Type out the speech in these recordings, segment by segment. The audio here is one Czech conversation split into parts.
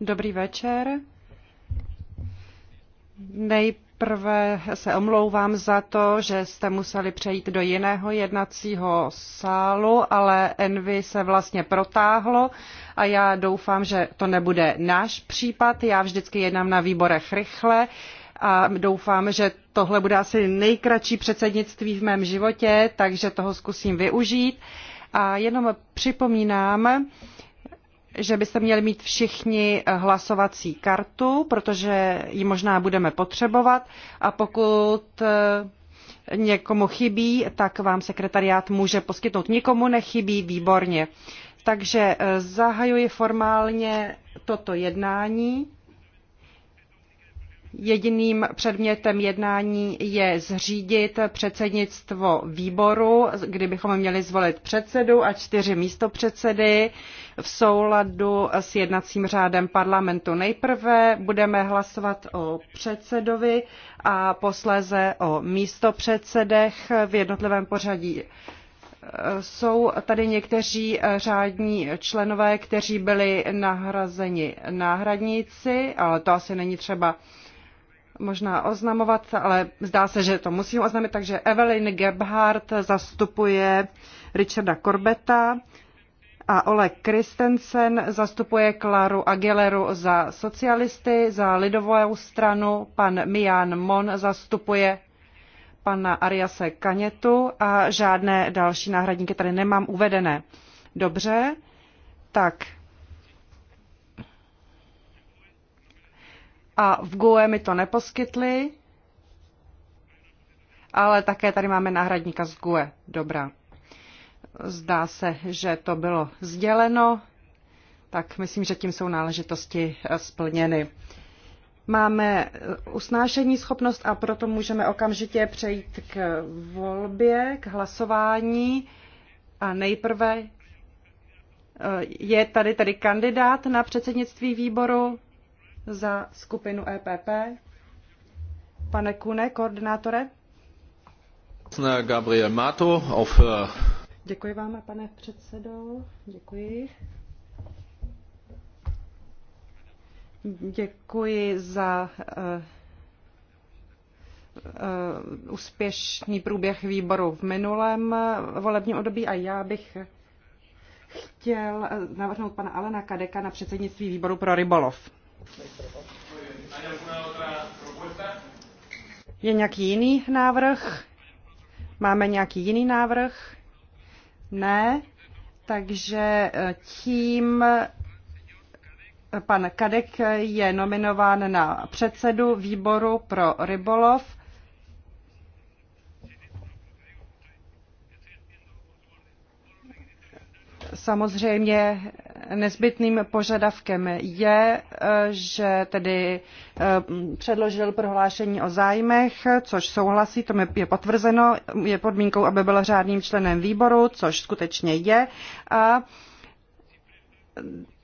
Dobrý večer. Nejprve se omlouvám za to, že jste museli přejít do jiného jednacího sálu, ale Envy se vlastně protáhlo a já doufám, že to nebude náš případ. Já vždycky jednám na výborech rychle a doufám, že Tohle bude asi nejkratší předsednictví v mém životě, takže toho zkusím využít. A jenom připomínám, že byste měli mít všichni hlasovací kartu, protože ji možná budeme potřebovat. A pokud eh, někomu chybí, tak vám sekretariát může poskytnout. Nikomu nechybí, výborně. Takže eh, zahajuji formálně toto jednání. Jediným předmětem jednání je zřídit předsednictvo výboru, kdybychom měli zvolit předsedu a čtyři místopředsedy v souladu s jednacím řádem parlamentu. Nejprve budeme hlasovat o předsedovi a posléze o místopředsedech v jednotlivém pořadí. Jsou tady někteří řádní členové, kteří byli nahrazeni náhradníci, ale to asi není třeba možná oznamovat, ale zdá se, že to musím oznamit, takže Evelyn Gebhardt zastupuje Richarda Corbetta a Ole Kristensen zastupuje Klaru Aguileru za socialisty, za lidovou stranu, pan Mian Mon zastupuje pana Ariase Kanětu a žádné další náhradníky tady nemám uvedené. Dobře, tak a v GUE mi to neposkytli, ale také tady máme náhradníka z GUE. Dobrá. Zdá se, že to bylo sděleno, tak myslím, že tím jsou náležitosti eh, splněny. Máme eh, usnášení schopnost a proto můžeme okamžitě přejít k volbě, k hlasování. A nejprve eh, je tady tedy kandidát na předsednictví výboru za skupinu EPP. Pane Kune, koordinátore. Gabriel Mato auf... Eh, Děkuji vám, pane předsedo. Děkuji. Děkuji za uh, uh, úspěšný průběh výboru v minulém volebním období a já bych chtěl navrhnout pana Alena Kadeka na předsednictví výboru pro rybolov. Je nějaký jiný návrh? Máme nějaký jiný návrh? Ne. Takže eh, tím eh, pan Kadek je nominován na předsedu výboru pro rybolov. Samozřejmě nezbytným požadavkem je, eh, že tedy eh, předložil prohlášení o zájmech, což souhlasí, to je potvrzeno, je podmínkou, aby byl řádným členem výboru, což skutečně je. A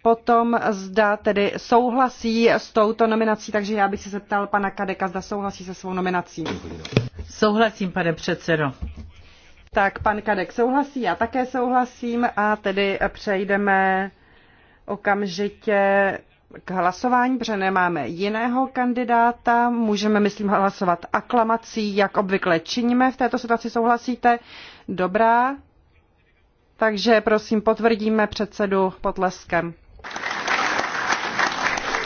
potom zda tedy souhlasí s touto nominací, takže já bych se zeptal pana Kadeka, zda souhlasí se svou nominací. Souhlasím, pane předsedo. Tak pan Kadek souhlasí, já také souhlasím a tedy přejdeme okamžitě k hlasování, protože nemáme jiného kandidáta. Můžeme, myslím, hlasovat aklamací, jak obvykle činíme. V této situaci souhlasíte? Dobrá. Takže prosím, potvrdíme předsedu potleskem.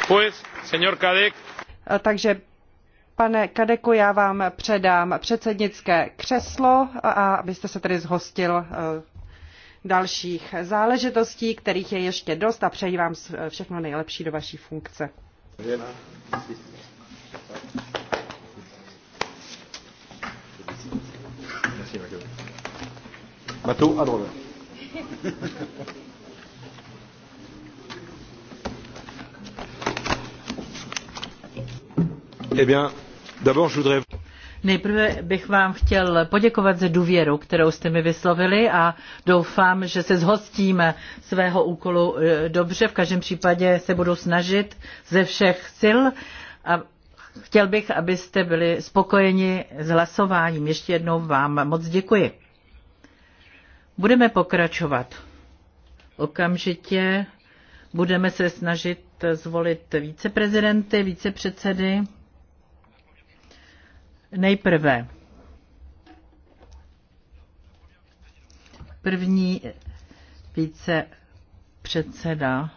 Pues, señor Kadek. Takže, pane Kadeku, já vám předám předsednické křeslo a abyste se tedy zhostil eh, dalších záležitostí, kterých je ještě dost a přeji vám všechno nejlepší do vaší funkce. Bateau a droite. eh bien, d'abord, je voudrais. Nejprve bych vám chtěl poděkovat za důvěru, kterou jste mi vyslovili a doufám, že se zhostíme svého úkolu eh, dobře. V každém případě se budu snažit ze všech sil a chtěl bych, abyste byli spokojeni s hlasováním. Ještě jednou vám moc děkuji. Budeme pokračovat. Okamžitě budeme se snažit zvolit více předsedy. Nejprve první více předseda.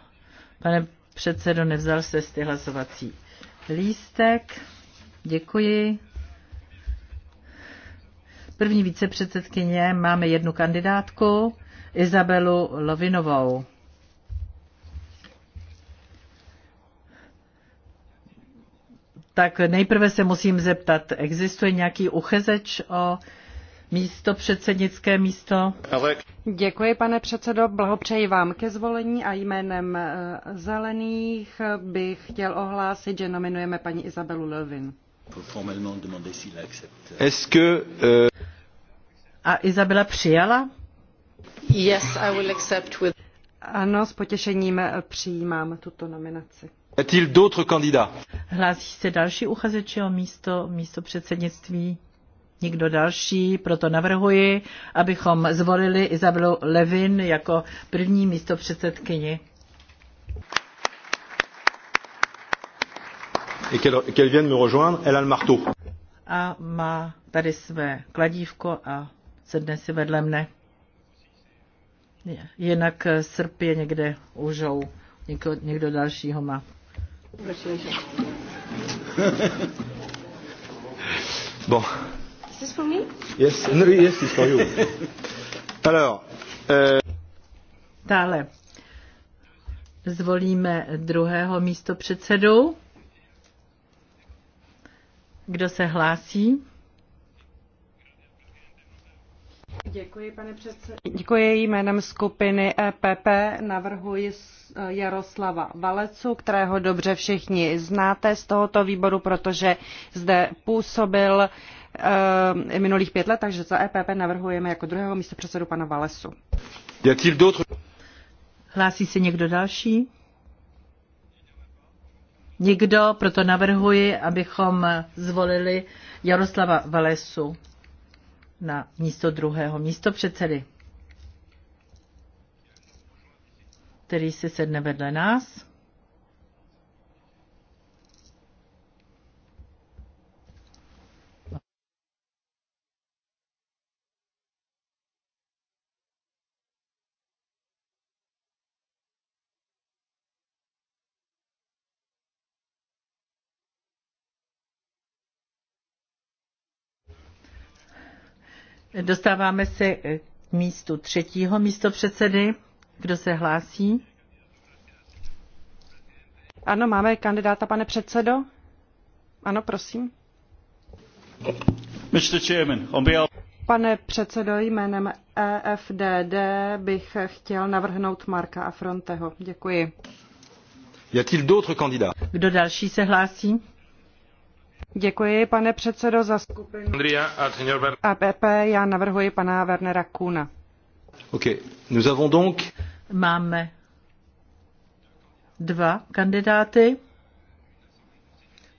Pane předsedo, nevzal se z hlasovací lístek. Děkuji. První vícepředsedkyně máme jednu kandidátku, Izabelu Lovinovou. tak nejprve se musím zeptat, existuje nějaký uchezeč o místo předsednické místo? Děkuji, pane předsedo, blahopřeji vám ke zvolení a jménem eh, Zelených bych chtěl ohlásit, že nominujeme paní Izabelu Lövin. Euh, a Izabela přijala? Yes, I will accept with... Ano, s potěšením eh, přijímám tuto nominaci. Hlásí se další uchazeče o místo, místo předsednictví? Nikdo další, proto navrhuji, abychom zvolili Izabelu Levin jako první místo předsedkyni. Et qu'elle vienne me rejoindre, elle a le marteau. A má tady své kladívko a sedne si vedle mne. Jinak srp je někde užou, někdo, někdo dalšího má. bon. Is this for me? Yes, no, no yes, it's for you. Alors, euh... Dále zvolíme druhého místo předsedou. Kdo se hlásí? Děkuji, jménem skupiny EPP. Navrhuji Jaroslava Valecu, kterého dobře všichni znáte z tohoto výboru, protože zde působil eh, minulých pět let, takže za EPP navrhujeme jako druhého místopředsedu předsedu pana Valesu. Hlásí se někdo další? Nikdo, proto navrhuji, abychom zvolili Jaroslava Valesu na místo druhého místo předsedy, který si sedne vedle nás. Dostáváme se eh, k místu třetího místo předsedy. Kdo se hlásí? Ano, máme kandidáta, pane předsedo. Ano, prosím. Mr. Chairman, on by... Pane předsedo, jménem EFDD bych chtěl navrhnout Marka Afronteho. Děkuji. Kdo další se hlásí? Děkuji, pane předsedo, za skupinu APP. Já navrhuji pana Wernera Kuna. Okay. Nous avons donc... Máme dva kandidáty.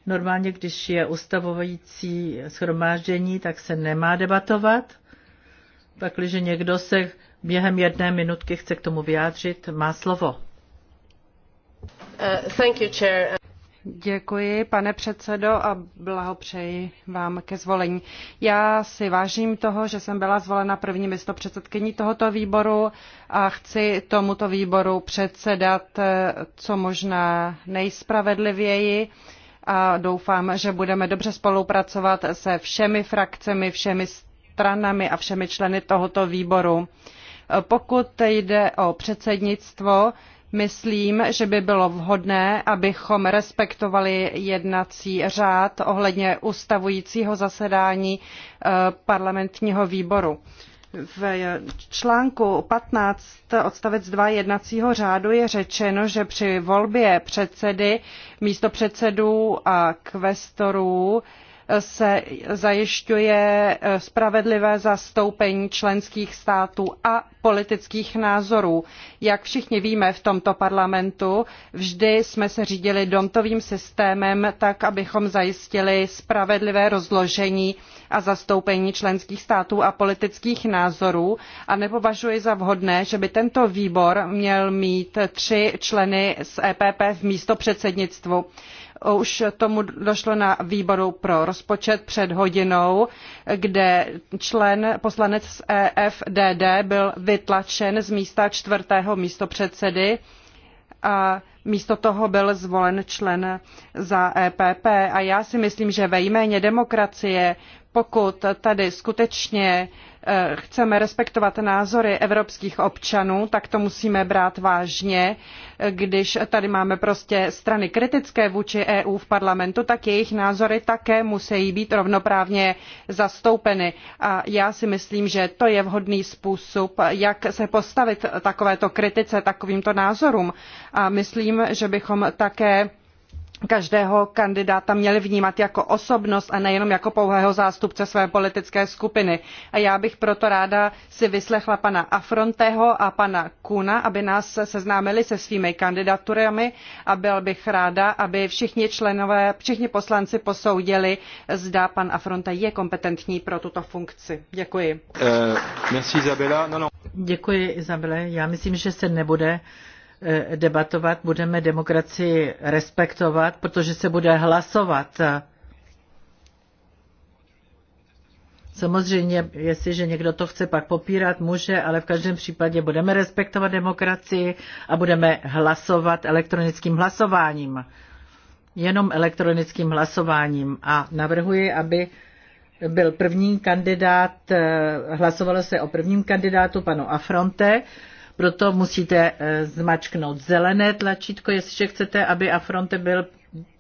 Normálně, když je ustavující schromáždění, tak se nemá debatovat. Pak, když někdo se během jedné minutky chce k tomu vyjádřit, má slovo. Uh, thank you, chair. Děkuji, pane předsedo, a blahopřeji vám ke zvolení. Já si vážím toho, že jsem byla zvolena první místopředsedkyní tohoto výboru a chci tomuto výboru předsedat eh, co možná nejspravedlivěji a doufám, že budeme dobře spolupracovat se všemi frakcemi, všemi stranami a všemi členy tohoto výboru. Pokud jde o předsednictvo, Myslím, že by bylo vhodné, abychom respektovali jednací řád ohledně ustavujícího zasedání eh, parlamentního výboru. V článku 15 odstavec 2 jednacího řádu je řečeno, že při volbě předsedy, místopředsedů a kvestorů eh, se zajišťuje eh, spravedlivé zastoupení členských států a politických názorů. Jak všichni víme v tomto parlamentu, vždy jsme se řídili dontovým systémem tak, abychom zajistili spravedlivé rozložení a zastoupení členských států a politických názorů a nepovažuji za vhodné, že by tento výbor měl mít tři členy z EPP v místo předsednictvu už tomu došlo na výboru pro rozpočet před hodinou, kde člen poslanec z EFDD byl vy vytlačen z místa čtvrtého místopředsedy a místo toho byl zvolen člen za EPP. A já si myslím, že ve jméně demokracie pokud tady skutečně eh, chceme respektovat názory evropských občanů, tak to musíme brát vážně. Když tady máme prostě strany kritické vůči EU v parlamentu, tak jejich názory také musí být rovnoprávně zastoupeny. A já si myslím, že to je vhodný způsob, jak se postavit takovéto kritice, takovýmto názorům. A myslím, že bychom také každého kandidáta měli vnímat jako osobnost a nejenom jako pouhého zástupce své politické skupiny. A já bych proto ráda si vyslechla pana Afronteho a pana Kuna, aby nás seznámili se svými kandidaturami a byl bych ráda, aby všichni členové, všichni poslanci posoudili, zda pan Afronte je kompetentní pro tuto funkci. Děkuji. Uh, merci Isabella. No, no. Děkuji Izabele. Já myslím, že se nebude Eh, debatovat, budeme demokracii respektovat, protože se bude hlasovat. Samozřejmě, jestliže někdo to chce pak popírat, může, ale v každém případě budeme respektovat demokracii a budeme hlasovat elektronickým hlasováním. Jenom elektronickým hlasováním. A navrhuji, aby byl první kandidát, eh, hlasovalo se o prvním kandidátu, panu Afronte, proto musíte eh, zmačknout zelené tlačítko, jestliže chcete, aby Afronte byl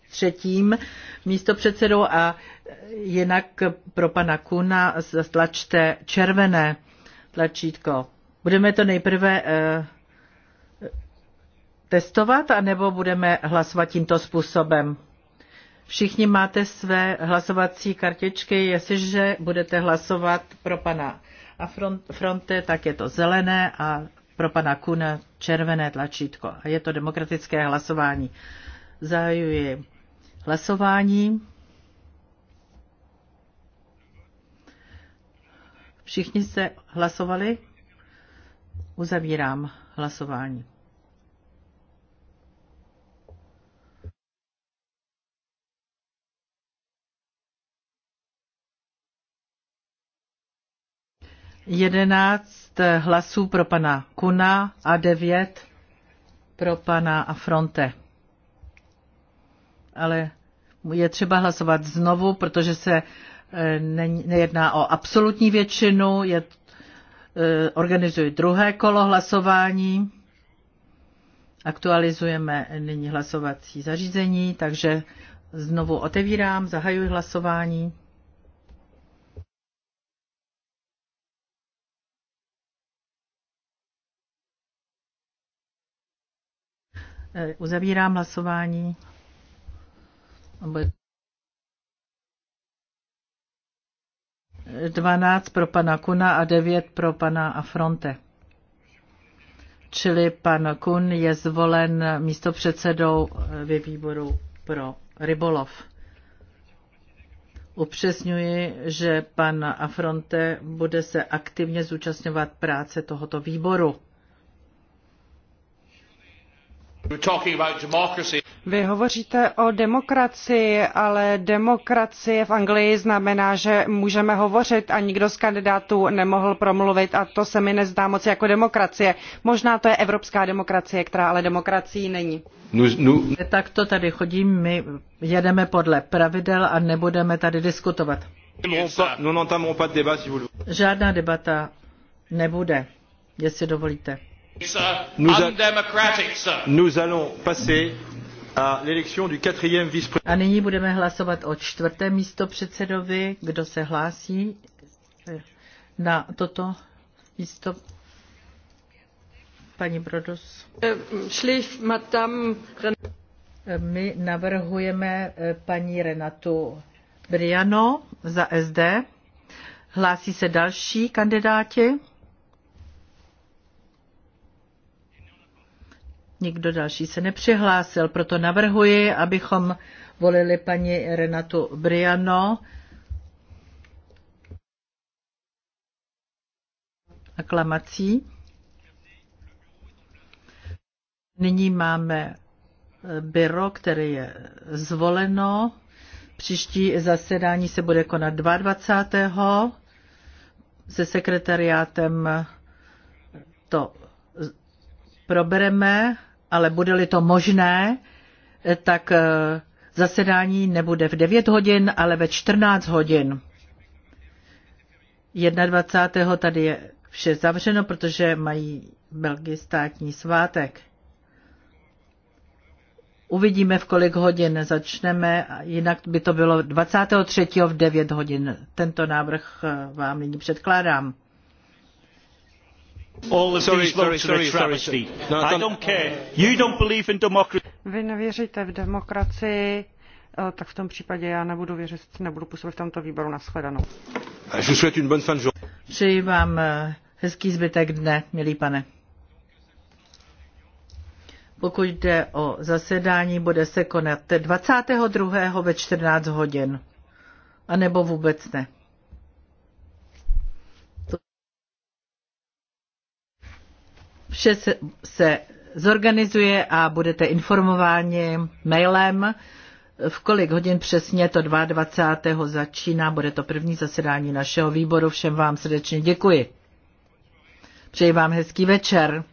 třetím místopředsedou a eh, jinak pro pana Kuna zatlačte červené tlačítko. Budeme to nejprve eh, testovat, anebo budeme hlasovat tímto způsobem? Všichni máte své hlasovací kartičky. Jestliže budete hlasovat pro pana a fronte, tak je to zelené a pro pana Kuna červené tlačítko. A je to demokratické hlasování. Zahajuji hlasování. Všichni se hlasovali? Uzavírám hlasování. Jedenáct hlasů pro pana Kuna a 9 pro pana Afronte. Ale je třeba hlasovat znovu, protože se eh, nejedná o absolutní většinu, je, eh, organizuji druhé kolo hlasování. Aktualizujeme nyní hlasovací zařízení, takže znovu otevírám, zahajuji hlasování. Eh, uzavírám hlasování. Bude 12 pro pana Kuna a 9 pro pana Afronte. Čili pan Kun je zvolen místopředsedou eh, ve výboru pro rybolov. Upřesňuji, že pan Afronte bude se aktivně zúčastňovat práce tohoto výboru. Vy hovoříte o demokracii, ale demokracie v Anglii znamená, že můžeme hovořit a nikdo z kandidátů nemohl promluvit a to se mi nezdá moc jako demokracie. Možná to je evropská demokracie, která ale demokracií není. Tak to tady chodím, my jedeme podle pravidel a nebudeme tady diskutovat. Žádná debata nebude, jestli dovolíte. A nyní budeme hlasovat o čtvrtém místo předsedovi. Kdo se hlásí na toto místo? Paní Brodus. My navrhujeme eh, paní Renatu Briano za SD. Hlásí se další kandidáti. Nikdo další se nepřihlásil, proto navrhuji, abychom volili paní Renatu Briano. Aklamací. Nyní máme eh, byro, které je zvoleno. Příští zasedání se bude konat 22. Se sekretariátem to probereme ale bude-li to možné, eh, tak eh, zasedání nebude v 9 hodin, ale ve 14 hodin. 21. tady je vše zavřeno, protože mají Belgii státní svátek. Uvidíme, v kolik hodin začneme, jinak by to bylo 23. v 9 hodin. Tento návrh eh, vám nyní předkládám. All of sorry, these sorry, sorry, travesty. No, I don't care. You don't believe in democracy. Vy nevěříte v demokracii, eh, tak v tom případě já nebudu věřit, nebudu působit v tomto výboru. na shledanou. Eh, Přeji vám eh, hezký zbytek dne, milý pane. Pokud jde o zasedání, bude se konat 22. ve 14 hodin. A nebo vůbec ne. Vše se, se zorganizuje a budete informováni mailem, v kolik hodin přesně to 22. začíná. Bude to první zasedání našeho výboru. Všem vám srdečně děkuji. Přeji vám hezký večer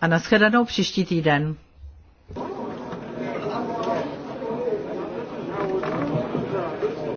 a nashledanou příští týden.